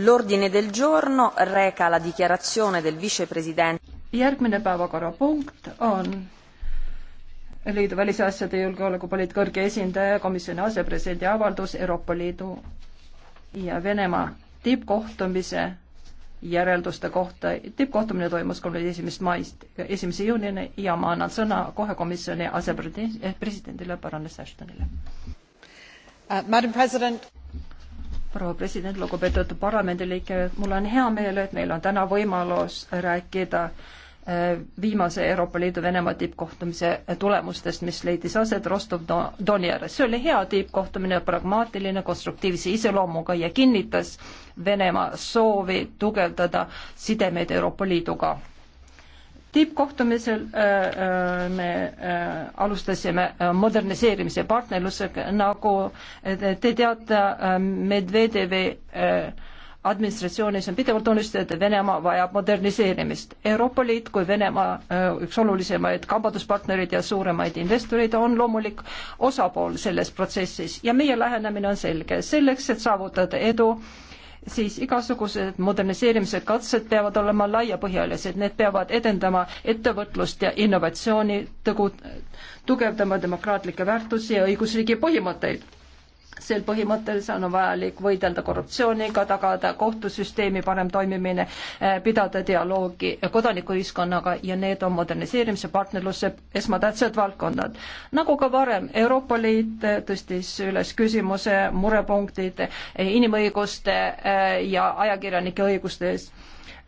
L'ordine del giorno reca la dichiarazione del vicepresidente. järgmine päevakorrapunkt on Liidu välisasjade julgeolekupoliitika kõrge esindaja, komisjoni asepresidendi avaldus Euroopa Liidu ja Venemaa tippkohtumise järelduste kohta. tippkohtumine toimus kolmekümne esimesest maist esimese juunini ja ma annan sõna kohe komisjoni asepresidendile, eh, baroness Ashtonile uh, proua president, lugupeetud parlamendiliige, mul on hea meel, et meil on täna võimalus rääkida eh, viimase Euroopa Liidu Venemaa tippkohtumise tulemustest, mis leidis aset Rostov-Doni ääres. see oli hea tippkohtumine, pragmaatiline, konstruktiivse iseloomuga ja kinnitas Venemaa soovi tugevdada sidemeid Euroopa Liiduga tippkohtumisel äh, äh, me äh, alustasime moderniseerimise partnerlusega, nagu te teate, Medvedevi administratsioonis on pidevalt tunnistatud, et Venemaa vajab moderniseerimist. Euroopa Liit kui Venemaa üks olulisemaid kaubanduspartnereid ja suuremaid investoreid on loomulik osapool selles protsessis ja meie lähenemine on selge, selleks, et saavutada edu, siis igasugused moderniseerimise katsed peavad olema laiapõhjalised, need peavad edendama ettevõtlust ja innovatsiooni, tugevdama demokraatlikke väärtusi ja õigusriigi põhimõtteid sel põhimõttel on vajalik võidelda korruptsiooniga, tagada kohtusüsteemi parem toimimine, eh, pidada dialoogi kodanikuühiskonnaga ja need on moderniseerimise partnerluse esmatähtsad valdkonnad. nagu ka varem, Euroopa Liit eh, tõstis üles küsimuse murepunktid eh, inimõiguste ja ajakirjanike õiguste eest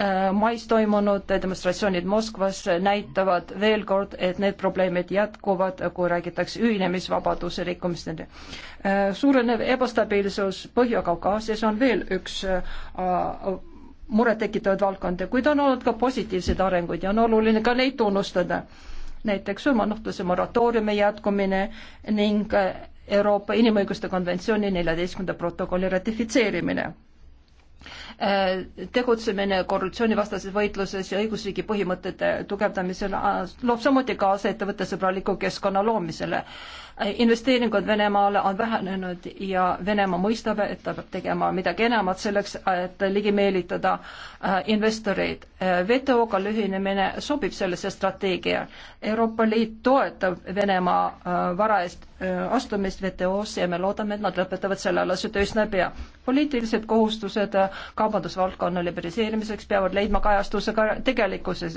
Äh, mais toimunud demonstratsioonid Moskvas näitavad veel kord, et need probleemid jätkuvad, kui räägitakse ühinemisvabaduse rikkumisteni. Äh, suurenev ebastabiilsus Põhja-Kaukaasias on veel üks äh, murettekitavaid valdkondi, kuid on olnud ka positiivseid arenguid ja on oluline ka neid tunnustada. näiteks surmanuhtluse moratooriumi jätkumine ning Euroopa Inimõiguste Konventsiooni neljateistkümnenda protokolli ratifitseerimine Äh, tegutsemine korruptsioonivastases võitluses ja õigusriigi põhimõtete tugevdamisel äh, loob samuti kaasa ettevõttesõbraliku keskkonna loomisele. Äh, investeeringud Venemaale on vähenenud ja Venemaa mõistab, et ta peab tegema midagi enamat selleks, et ligi meelitada investoreid. WTO-ga lühinemine sobib sellesse strateegia. Euroopa Liit toetab Venemaa varajast astumist WTO-sse ja me loodame, et nad lõpetavad sellealase töö üsna pea. poliitilised kohustused ka kaubandusvaldkonna liberaliseerimiseks peavad leidma kajastuse ka tegelikkuses.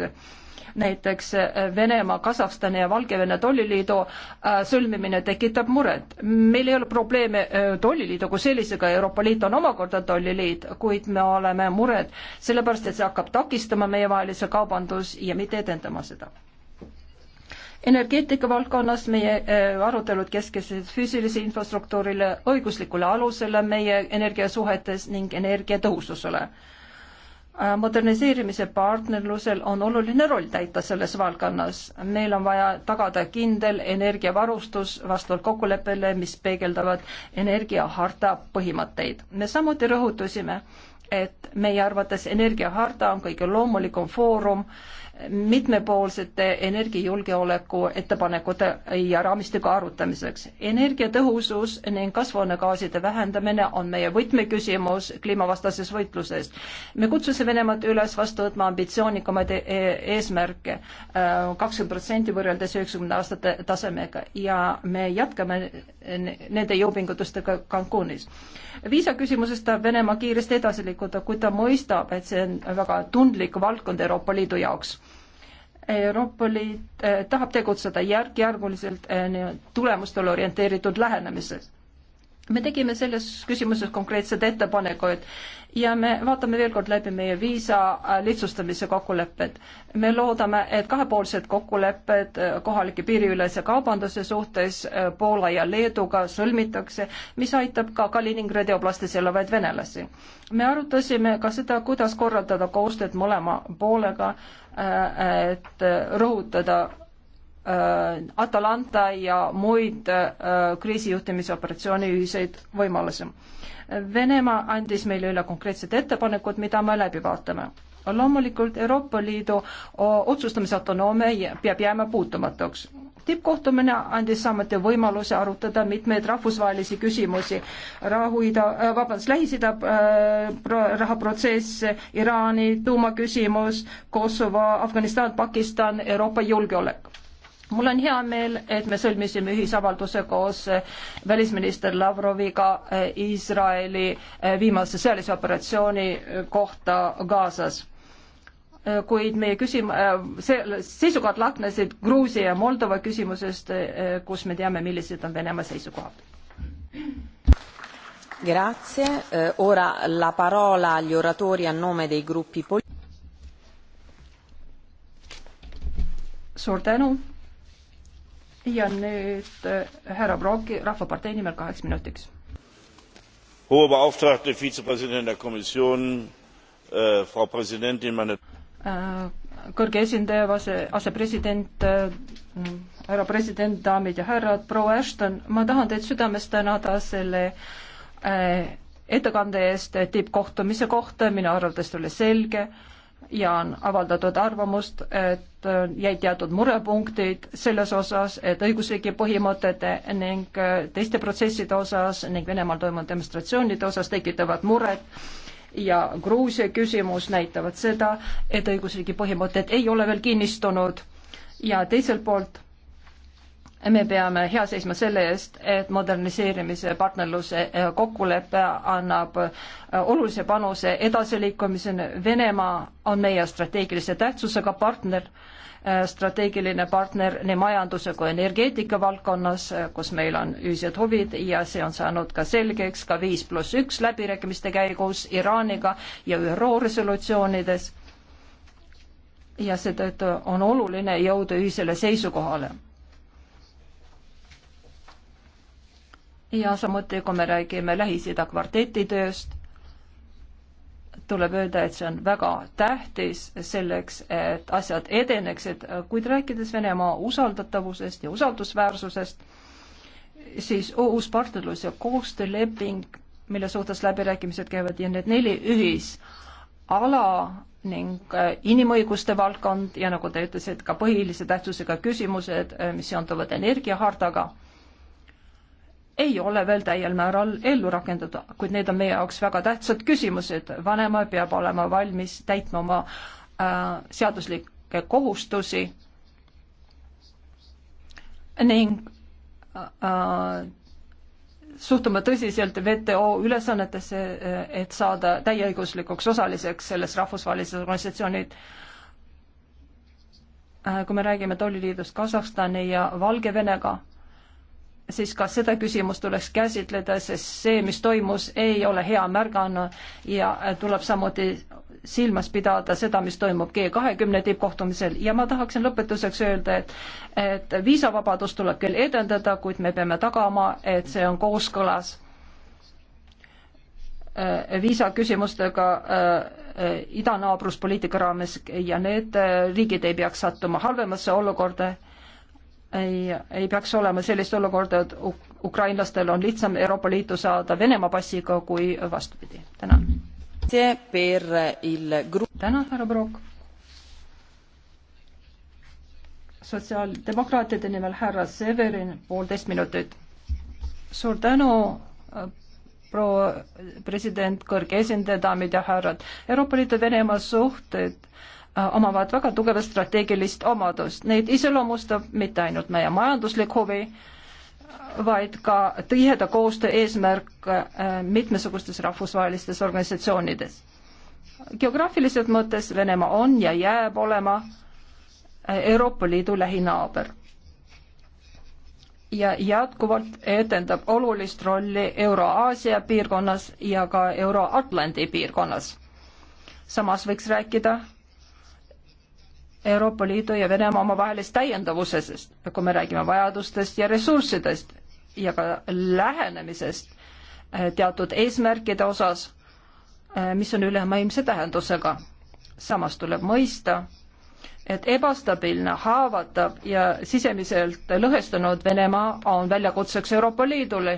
näiteks Venemaa, Kasahstani ja Valgevene tolliliidu äh, sõlmimine tekitab muret. meil ei ole probleeme äh, tolliliidu kui sellisega, Euroopa Liit on omakorda tolliliit, kuid me oleme mured sellepärast, et see hakkab takistama meievahelise kaubandus ja mitte edendama seda energeetika valdkonnas meie äh, arutelud keskesid füüsilise infrastruktuurile, õiguslikule alusele meie energiasuhetes ning energiatõhususele. Äh, moderniseerimise partnerlusel on oluline roll täita selles valdkonnas. meil on vaja tagada kindel energiavarustus vastavalt kokkuleppele, mis peegeldavad energiaharta põhimõtteid. me samuti rõhutasime, et meie arvates energiaharta on kõige loomulikum foorum mitmepoolsete energiajulgeoleku ettepanekute ja raamistiku arutamiseks. energiatõhusus ning kasvuhoonegaaside vähendamine on meie võtmeküsimus kliimavastases võitluses. me kutsusime Venemaad üles vastu võtma ambitsioonikamaid e-, eesmärke, äh, kakskümmend protsenti võrreldes üheksakümne aastate tasemega ja me jätkame nende jõupingutustega Cancunis. viisaküsimuses tahab Venemaa kiiresti edasi liikuda, kui ta mõistab, et see on väga tundlik valdkond Euroopa Liidu jaoks Euroopa Liit eh, tahab tegutseda järk-järguliselt eh, tulemustele orienteeritud lähenemises me tegime selles küsimuses konkreetsed ettepanekuid ja me vaatame veel kord läbi meie viisa lihtsustamise kokkulepped. me loodame, et kahepoolsed kokkulepped kohalike piiriülese kaubanduse suhtes Poola ja Leeduga sõlmitakse, mis aitab ka Kaliningradi oblastis elavaid venelasi. me arutasime ka seda, kuidas korraldada koostööd mõlema poolega, et rõhutada Äh, Atalanta ja muid äh, kriisijuhtimisoperatsiooni ühiseid võimalusi. Venemaa andis meile üle konkreetsed ettepanekud, mida me läbi vaatame. loomulikult Euroopa Liidu otsustamise autonoomia peab jääma puutumatuks. tippkohtumine andis samuti võimaluse arutada mitmeid rahvusvahelisi küsimusi, Rahu-Ida, äh, vabandust, Lähis-Ida äh, rahaprotsess, Iraani tuumaküsimus, Kosovo, Afganistan, Pakistan, Euroopa julgeolek mul on hea meel, et me sõlmisime ühisavalduse koos eh, välisminister Lavroviga eh, Iisraeli eh, viimase sõjalise operatsiooni kohta Gazas. kuid meie küsim-, see, seisukohad lahknesid Gruusia ja Moldova küsimusest, kus me teame, millised on Venemaa seisukohad. Grazie, ora la parola agli oratori a nome dei gruppi poli-. suur tänu ja nüüd äh, härra Brocki Rahvapartei nimel kaheks minutiks. hohe beauftragte, vizepräsident der komisjon äh,, Frau Präsidentin, meine äh, kõrge esindaja, ase, asepresident äh,, härra president, daamid ja härrad, proua Ashton, ma tahan teid südamest tänada selle äh, ettekande eest tippkohtumise kohta, minu arvates oli selge äh, ja on avaldatud arvamust, et äh, jäid teatud murepunktid selles osas, et õigusriigi põhimõtete ning äh, teiste protsesside osas ning Venemaal toimunud demonstratsioonide osas tekitavad muret ja Gruusia küsimus näitavad seda, et õigusriigi põhimõtted ei ole veel kinnistunud ja teiselt poolt me peame hea seisma selle eest, et moderniseerimise partnerluse äh, kokkulepe annab äh, olulise panuse edasiliikumiseni. Venemaa on meie strateegilise tähtsusega partner, äh, strateegiline partner nii majanduse kui energeetika valdkonnas, kus meil on ühised huvid ja see on saanud ka selgeks ka viis pluss üks läbirääkimiste käigus Iraaniga ja ÜRO resolutsioonides. ja seetõttu on oluline jõuda ühisele seisukohale ja samuti, kui me räägime Lähis-Ida kvarteti tööst, tuleb öelda, et see on väga tähtis selleks, et asjad edeneksid, kuid rääkides Venemaa usaldatavusest ja usaldusväärsusest, siis uus partnerlus ja koostööleping, mille suhtes läbirääkimised käivad ja need neli ühisala ning äh, inimõiguste valdkond ja nagu te ütlesite, ka põhilise tähtsusega küsimused, äh, mis seonduvad energiahardaga ei ole veel täiel määral ellu rakendada, kuid need on meie jaoks väga tähtsad küsimused. vanema peab olema valmis täitma oma äh, seaduslikke kohustusi ning äh, äh suhtuma tõsiselt WTO ülesannetesse, äh, et saada täieõiguslikuks osaliseks selles rahvusvahelises organisatsioonid äh,. kui me räägime tolliliidust Kasahstani ja Valgevenega siis ka seda küsimust tuleks käsitleda, sest see, mis toimus, ei ole hea märgana ja tuleb samuti silmas pidada seda, mis toimub G kahekümne tippkohtumisel ja ma tahaksin lõpetuseks öelda, et et viisavabadust tuleb küll edendada, kuid me peame tagama, et see on kooskõlas äh, viisaküsimustega äh, idanaabruspoliitika raames ja need äh, riigid ei peaks sattuma halvemasse olukorda ei, ei peaks olema sellist olukorda, et ukrainlastel on lihtsam Euroopa Liitu saada Venemaa passiga kui vastupidi. tänan. tänan, härra Brok. sotsiaaldemokraatide nimel härra Severin, poolteist minutit. suur tänu äh, proua president, kõrge esindaja, daamid ja härrad. Euroopa Liidu Venemaa suhted omavad väga tugevat strateegilist omadust. Neid iseloomustab mitte ainult meie majanduslik huvi, vaid ka tiheda koostöö eesmärk äh, mitmesugustes rahvusvahelistes organisatsioonides. geograafiliselt mõttes Venemaa on ja jääb olema äh, Euroopa Liidu lähinaaber ja jätkuvalt etendab olulist rolli Euro-Aasia piirkonnas ja ka Euro-Atlandi piirkonnas. samas võiks rääkida Euroopa Liidu ja Venemaa omavahelist täiendavusest, kui me räägime vajadustest ja ressurssidest ja ka lähenemisest eh, teatud eesmärkide osas, eh, mis on ülemaailmse tähendusega. samas tuleb mõista, et ebastabiilne, haavatav ja sisemiselt lõhestunud Venemaa on väljakutseks Euroopa Liidule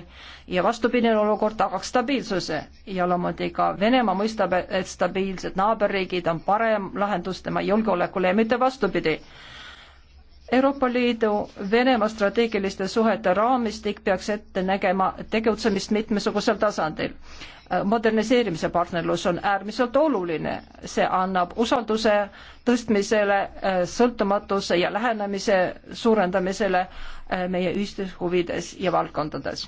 ja vastupidine olukord tagaks stabiilsuse ja loomulikult ka Venemaa mõistab, et stabiilsed naaberriigid on parem lahendus tema julgeolekule ja mitte vastupidi Euroopa Liidu Venemaa strateegiliste suhete raamistik peaks ette nägema tegutsemist mitmesugusel tasandil. moderniseerimise partnerlus on äärmiselt oluline, see annab usalduse tõstmisele, sõltumatuse ja lähenemise suurendamisele äh, meie ühistes huvides ja valdkondades.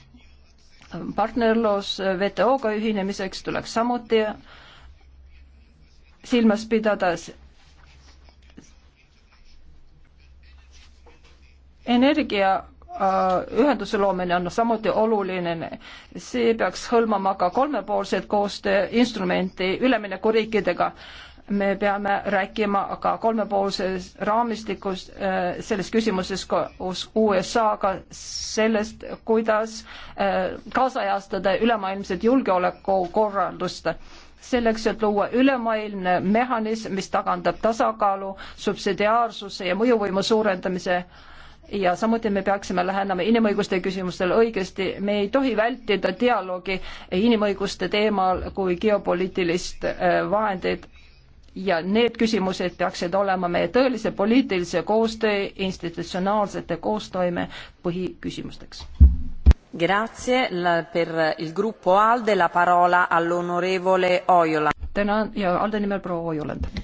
partnerlus WTO-ga ühinemiseks tuleks samuti silmas pidades energia äh, ühenduse loomine on samuti oluline. see peaks hõlmama ka kolmepoolseid koostööinstrumenti üleminekuriikidega. me peame rääkima ka kolmepoolsest raamistikust äh, selles küsimuses koos USA-ga, sellest, kuidas äh, kaasajastada ülemaailmset julgeolekukorraldust selleks, et luua ülemaailmne mehhanism, mis tagandab tasakaalu, subsidiaarsuse ja mõjuvõimu suurendamise äh, ja samuti me peaksime lähenema inimõiguste küsimustele õigesti, me ei tohi vältida dialoogi inimõiguste teemal kui geopoliitilist äh, vahendit ja need küsimused peaksid olema meie tõelise poliitilise koostöö, institutsionaalsete koostoime põhiküsimusteks. Grazie la, per il gruppo Alde la parola all'onorevole Ojola. tänan ja Alde nimel proua Ojoland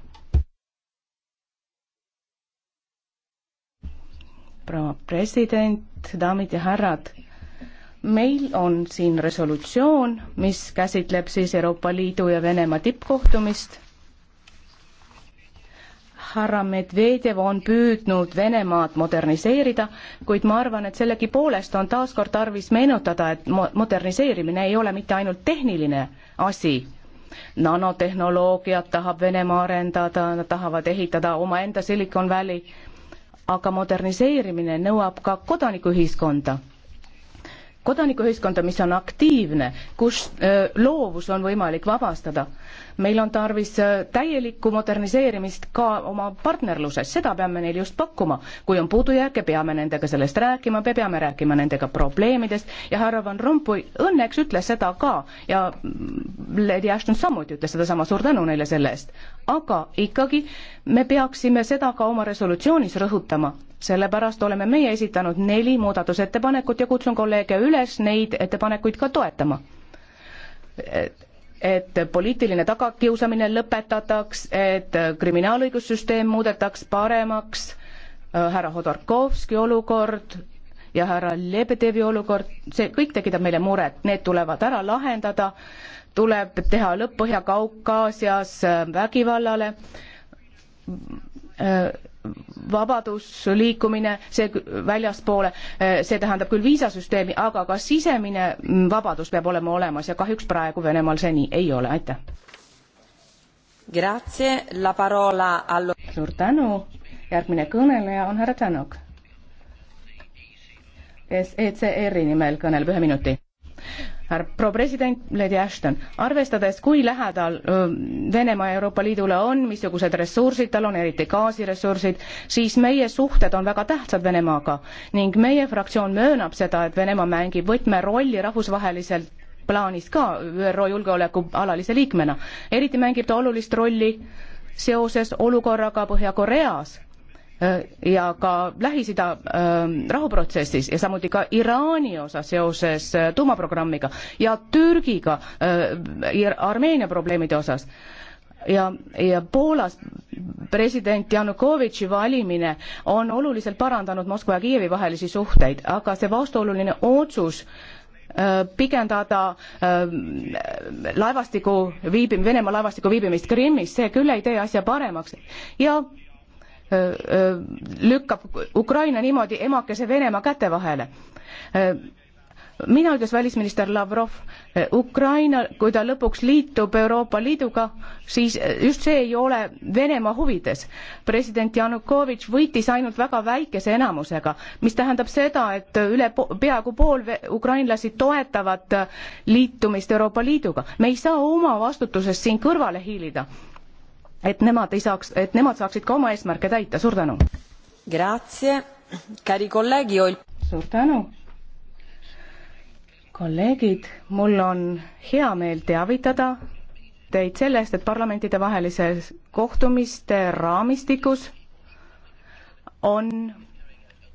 proua president, daamid ja härrad. meil on siin resolutsioon, mis käsitleb siis Euroopa Liidu ja Venemaa tippkohtumist. härra Medvedjev on püüdnud Venemaad moderniseerida, kuid ma arvan, et sellegipoolest on taaskord tarvis meenutada, et mo-, moderniseerimine ei ole mitte ainult tehniline asi, nanotehnoloogiat tahab Venemaa arendada, nad tahavad ehitada omaenda Silicon Valley aga moderniseerimine nõuab ka kodanikuühiskonda kodanikuühiskonda, mis on aktiivne, kus loovus on võimalik vabastada meil on tarvis äh, täielikku moderniseerimist ka oma partnerluses, seda peame neile just pakkuma. kui on puudujääke, peame nendega sellest rääkima, me peame rääkima nendega probleemidest ja härra Van Rompuy õnneks ütles seda ka ja Lady Ashton samuti ütles sedasama, suur tänu neile selle eest. aga ikkagi me peaksime seda ka oma resolutsioonis rõhutama, sellepärast oleme meie esitanud neli muudatusettepanekut ja kutsun kolleege üles neid ettepanekuid ka toetama et poliitiline tagakiusamine lõpetataks, et kriminaalõigussüsteem muudetaks paremaks, äh, härra Hodorkovski olukord ja härra Lebedevi olukord, see kõik tekitab meile muret, need tulevad ära lahendada, tuleb teha lõpp Põhja-Kaukaasias äh, vägivallale, Äh, vabadus, liikumine, see väljaspoole, äh, see tähendab küll viisasüsteemi, aga ka sisemine mm, vabadus peab olema olemas ja kahjuks praegu Venemaal see nii ei ole, aitäh. Allo... suur tänu, järgmine kõneleja on härra Tänok, kes ECR-i nimel kõneleb ühe minuti proua president Lady Ashton, arvestades, kui lähedal Venemaa Euroopa Liidule on, missugused ressursid tal on, eriti gaasiressursid, siis meie suhted on väga tähtsad Venemaaga ning meie fraktsioon möönab seda, et Venemaa mängib võtmerolli rahvusvahelisel plaanis ka ÜRO julgeoleku alalise liikmena. eriti mängib ta olulist rolli seoses olukorraga Põhja-Koreas Äh, ja ka Lähis-Ida ähm, rahuprotsessis ja samuti ka Iraani osa seoses äh, tuumaprogrammiga ja Türgiga äh, Armeenia probleemide osas ja, ja Poolas president Janukovitši valimine on oluliselt parandanud Moskva ja Kiievi vahelisi suhteid, aga see vastuoluline otsus äh, pikendada äh, laevastiku viibim-, Venemaa laevastiku viibimist Krimmis, see küll ei tee asja paremaks ja Äh, äh, lükkab Ukraina niimoodi emakese Venemaa käte vahele äh, mina, ütles välisminister Lavrov, Ukraina, kui ta lõpuks liitub Euroopa Liiduga, siis just see ei ole Venemaa huvides. president Janukovitš võitis ainult väga väikese enamusega, mis tähendab seda, et üle po peaaegu pool ukrainlasi toetavad liitumist Euroopa Liiduga. me ei saa oma vastutusest siin kõrvale hiilida et nemad ei saaks, et nemad saaksid ka oma eesmärke täita, suur tänu! suur tänu! kolleegid, mul on hea meel teavitada teid sellest, et parlamentidevahelises kohtumiste raamistikus on